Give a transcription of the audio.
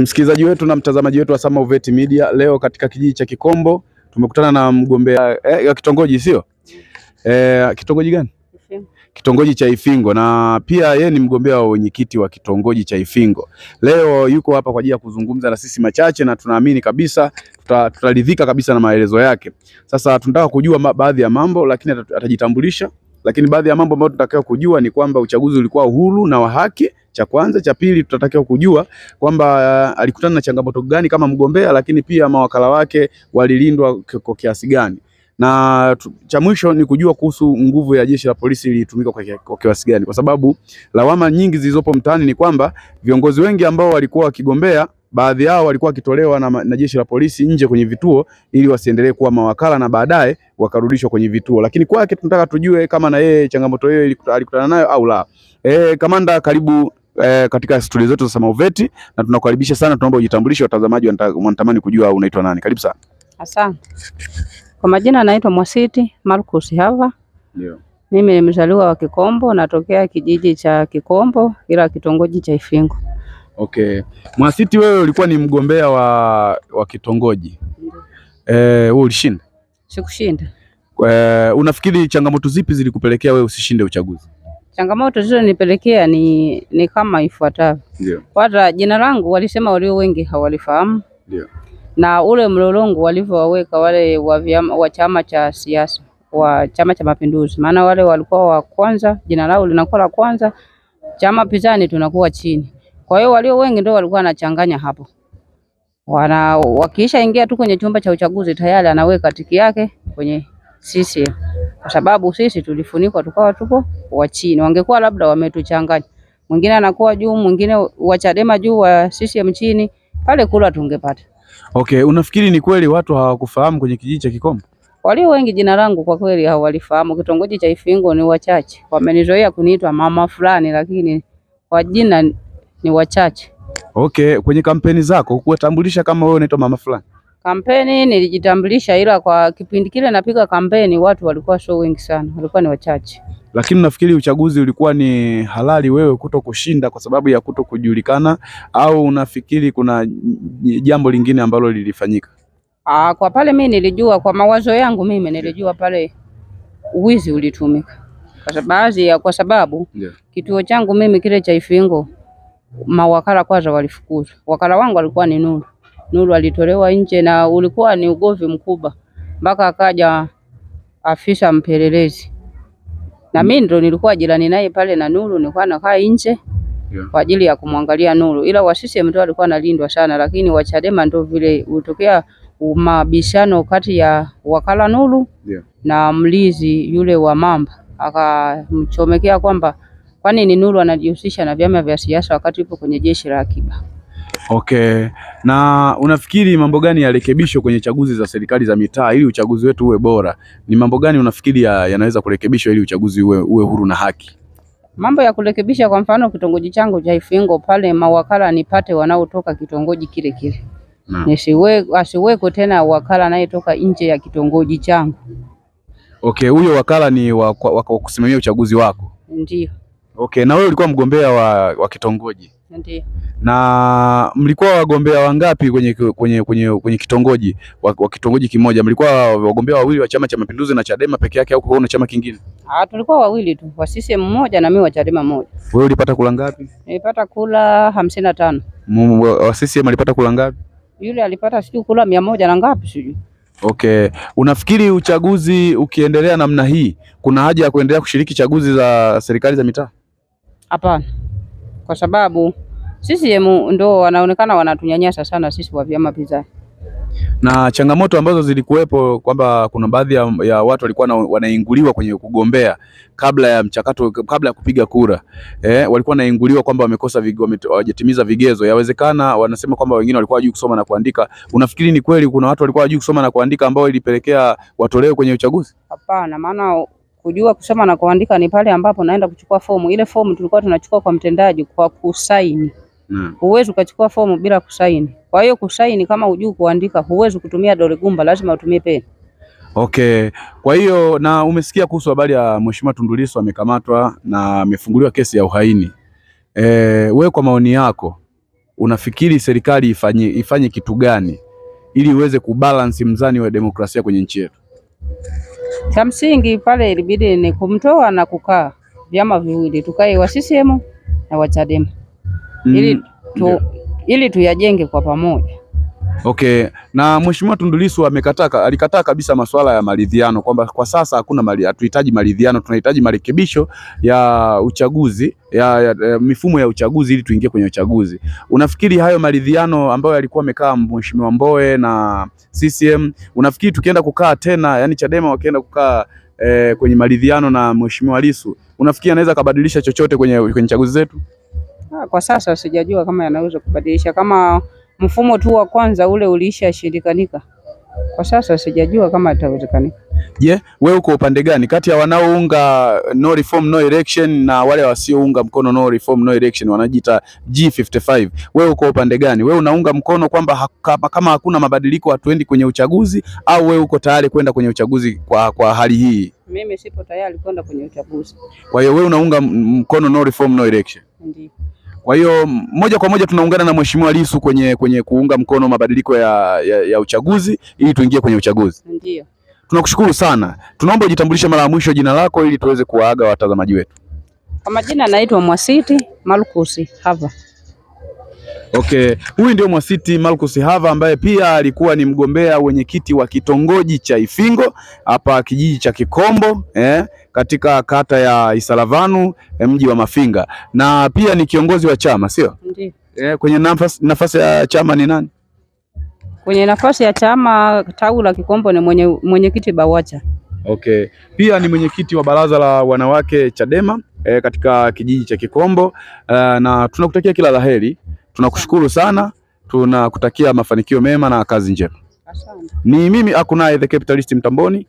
Msikilizaji wetu na mtazamaji wetu wa Sama Uveti Media, leo katika kijiji cha Kikombo tumekutana na mgombea eh, eh kitongoji sio eh, kitongoji gani? Kitongoji cha Ifingo, na pia ye ni mgombea wa wenyekiti wa kitongoji cha Ifingo. Leo yuko hapa kwa ajili ya kuzungumza na sisi machache, na tunaamini kabisa tutaridhika kabisa na maelezo yake. Sasa tunataka kujua baadhi ya mambo, lakini atajitambulisha. Lakini baadhi ya mambo ambayo tunataka kujua ni kwamba uchaguzi ulikuwa uhuru na wa haki cha kwanza. Cha pili, tutatakiwa kujua kwamba uh, alikutana na changamoto gani kama mgombea, lakini pia mawakala wake walilindwa kwa kiasi gani na cha mwisho ni kujua kuhusu nguvu ya jeshi la polisi ilitumika kwa kiasi gani, kwa sababu lawama nyingi zilizopo mtaani ni kwamba viongozi wengi ambao walikuwa wakigombea, baadhi yao walikuwa wakitolewa na, na jeshi la polisi nje kwenye vituo ili wasiendelee kuwa mawakala na baadaye wakarudishwa kwenye vituo. Lakini kwake tunataka tujue kama na yeye changamoto hiyo alikutana nayo au la. E, kamanda, karibu eh, katika studio zetu za Samauveti na tunakukaribisha sana. Tunaomba ujitambulishe, watazamaji wanatamani kujua unaitwa nani. Karibu sana. Asante. Kwa majina anaitwa Mwasiti Marcus Hava. Ndio. Mimi ni mzaliwa wa Kikombo, natokea kijiji cha Kikombo ila kitongoji cha Ifingo. Okay. Mwasiti, wewe ulikuwa ni mgombea wa, wa kitongoji eh, wewe ulishinda? Sikushinda. Eh, unafikiri changamoto zipi zilikupelekea wewe usishinde uchaguzi? Changamoto zilizonipelekea ni, ni kama ifuatavyo. Ndio. Kwanza jina langu walisema walio wengi hawalifahamu. Ndio. Na ule mlolongo walivyoweka wale wa wa chama cha siasa wa Chama cha Mapinduzi, maana wale walikuwa wa kwanza, jina lao linakuwa la kwanza, chama pinzani tunakuwa chini. Kwa hiyo walio wengi ndio walikuwa wanachanganya hapo, wana wakiisha ingia tu kwenye chumba cha uchaguzi tayari anaweka tiki yake kwenye sisi, kwa sababu sisi tulifunikwa tukawa tupo wa chini, wangekuwa labda wametuchanganya, mwingine anakuwa juu, mwingine wa Chadema juu, wa CCM chini, pale kula tungepata. Okay, unafikiri ni kweli watu hawakufahamu kwenye kijiji cha Kikomo? Walio wengi jina langu kwa kweli hawalifahamu. Kitongoji cha Ifingo ni wachache, wamenizoea kuniitwa mama fulani, lakini kwa jina ni wachache. Okay, kwenye kampeni zako kuwatambulisha kama wewe unaitwa mama fulani Kampeni nilijitambulisha, ila kwa kipindi kile napiga kampeni watu walikuwa sio wengi sana, walikuwa ni wachache. Lakini nafikiri uchaguzi ulikuwa ni halali wewe kuto kushinda kwa sababu ya kuto kujulikana, au unafikiri kuna jambo lingine ambalo lilifanyika? Aa, ah, kwa pale mimi nilijua, kwa mawazo yangu mimi nilijua pale uwizi ulitumika kwa sababu, ya kwa sababu yeah. Kituo changu mimi kile cha Ifingo mawakala kwanza walifukuzwa, wakala wangu alikuwa ni Nuru Nuru alitolewa nje na ulikuwa ni ugomvi mkubwa mpaka akaja afisa mpelelezi na mimi ndo nilikuwa jirani naye pale na Nuru, nilikuwa nakaa nje yeah, kwa ajili ya kumwangalia Nuru, ila wa CCM ndio alikuwa analindwa sana, lakini wa Chadema ndio vile utokea mabishano kati ya wakala Nuru yeah, na mlizi yule wa mamba akamchomekea kwamba kwa nini Nuru anajihusisha na vyama vya siasa wakati yupo kwenye jeshi la akiba. Okay. Na unafikiri mambo gani yarekebishwe kwenye chaguzi za serikali za mitaa ili uchaguzi wetu uwe bora? Ni mambo gani unafikiri yanaweza ya kurekebishwa ili uchaguzi uwe, uwe huru na haki? Mambo ya kurekebisha, kwa mfano kitongoji changu cha Ifingo pale, mawakala nipate wanaotoka kitongoji kile kile, asiweko tena wakala anayetoka nje ya kitongoji changu. Okay, huyo wakala ni wa kusimamia uchaguzi wako? Ndio. Okay, na wewe ulikuwa mgombea wa, wa kitongoji Ndiyo. na mlikuwa wagombea wangapi kwenye, kwenye, kwenye, kwenye kitongoji wa, wa kitongoji kimoja? Mlikuwa wagombea wawili wa Chama cha Mapinduzi na Chadema peke yake au kuna chama kingine? Ah, tulikuwa wawili tu, wa sisi mmoja na mimi wa Chadema mmoja. Wewe ulipata kula ngapi? Nilipata kula hamsini na tano. Wa sisi alipata kula ngapi? Yule alipata sijui kula mia moja na ngapi sijui. Okay, unafikiri uchaguzi ukiendelea namna hii kuna haja ya kuendelea kushiriki chaguzi za serikali za mitaa? Hapana, kwa sababu CCM ndo wanaonekana wanatunyanyasa sana sisi wa vyama pinzani na changamoto ambazo zilikuwepo kwamba kuna baadhi ya, ya watu walikuwa wanainguliwa kwenye kugombea kabla ya mchakato, kabla ya kupiga kura eh, walikuwa wanainguliwa kwamba wamekosa hawajatimiza vigezo. Yawezekana wanasema kwamba wengine walikuwa hawajui kusoma na kuandika. Unafikiri ni kweli kuna watu walikuwa hawajui kusoma na kuandika ambao ilipelekea watolewe kwenye uchaguzi? Hapana, maana Kujua kusoma na kuandika ni pale ambapo naenda kuchukua fomu. Ile fomu tulikuwa tunachukua kwa mtendaji kwa kusaini. Mm. Huwezi ukachukua fomu bila kusaini. Kwa hiyo kusaini, kama hujui kuandika, huwezi kutumia dole gumba, lazima utumie peni. Okay. Kwa hiyo na umesikia kuhusu habari ya Mheshimiwa Tundu Lissu amekamatwa na amefunguliwa kesi ya uhaini. E, we kwa maoni yako unafikiri serikali ifanye ifanye kitu gani ili iweze kubalance mzani wa demokrasia kwenye nchi yetu? Cha msingi pale ilibidi ni kumtoa na kukaa vyama viwili, tukae wa CCM na wa Chadema ili mm, tu, ili tuyajenge kwa pamoja. Okay. Na Mheshimiwa Tundu Lissu amekataa, alikataa kabisa masuala ya maridhiano kwamba kwa sasa hakuna mali, hatuhitaji maridhiano, tunahitaji marekebisho ya uchaguzi ya, ya, ya mifumo ya uchaguzi ili tuingie kwenye uchaguzi. Unafikiri hayo maridhiano ambayo yalikuwa amekaa Mheshimiwa Mboe na CCM, unafikiri tukienda kukaa tena, yani Chadema wakienda kukaa eh, kwenye maridhiano na Mheshimiwa Lissu, unafikiri anaweza kabadilisha chochote kwenye, kwenye chaguzi zetu? Ah, kwa sasa sijajua kama yanaweza kubadilisha kama mfumo tu wa kwanza ule ulishashindikanika. Kwa sasa sijajua kama itawezekanika. Je, yeah, wewe uko upande gani kati ya wanaounga no reform no election na wale wasiounga mkono no reform no election wanajiita G55? Wewe uko upande gani? Wewe unaunga mkono kwamba kama, kama hakuna mabadiliko hatuendi kwenye uchaguzi, au wewe uko tayari kwenda kwenye uchaguzi kwa, kwa hali hii? Mimi sipo tayari kwenda kwenye uchaguzi. Kwa hiyo wewe unaunga mkono no reform no election? Ndiyo. Kwa hiyo moja kwa moja tunaungana na Mheshimiwa Lissu kwenye, kwenye kuunga mkono mabadiliko ya, ya, ya uchaguzi ili tuingie kwenye uchaguzi. Ndio. Tunakushukuru sana, tunaomba ujitambulishe mara ya mwisho jina lako ili tuweze kuwaaga watazamaji wetu. Kwa majina naitwa Mwasiti Malukusi hapa. Okay, huyu ndio Mwasiti Marcus Hava ambaye pia alikuwa ni mgombea wenyekiti wa kitongoji cha Ifingo hapa kijiji cha Kikombo eh, katika kata ya Isalavanu eh, mji wa Mafinga, na pia ni kiongozi wa chama sio? Ndiyo. Eh, kwenye nafasi, nafasi ya chama ni nani? Kwenye nafasi ya chama tawi la Kikombo ni mwenye mwenyekiti Bawacha. Okay, pia ni mwenyekiti wa baraza la wanawake Chadema eh, katika kijiji cha Kikombo eh, na tunakutakia kila laheri Tunakushukuru sana, tunakutakia mafanikio mema na kazi njema. Ni mimi Akunaye the Capitalist Mtamboni.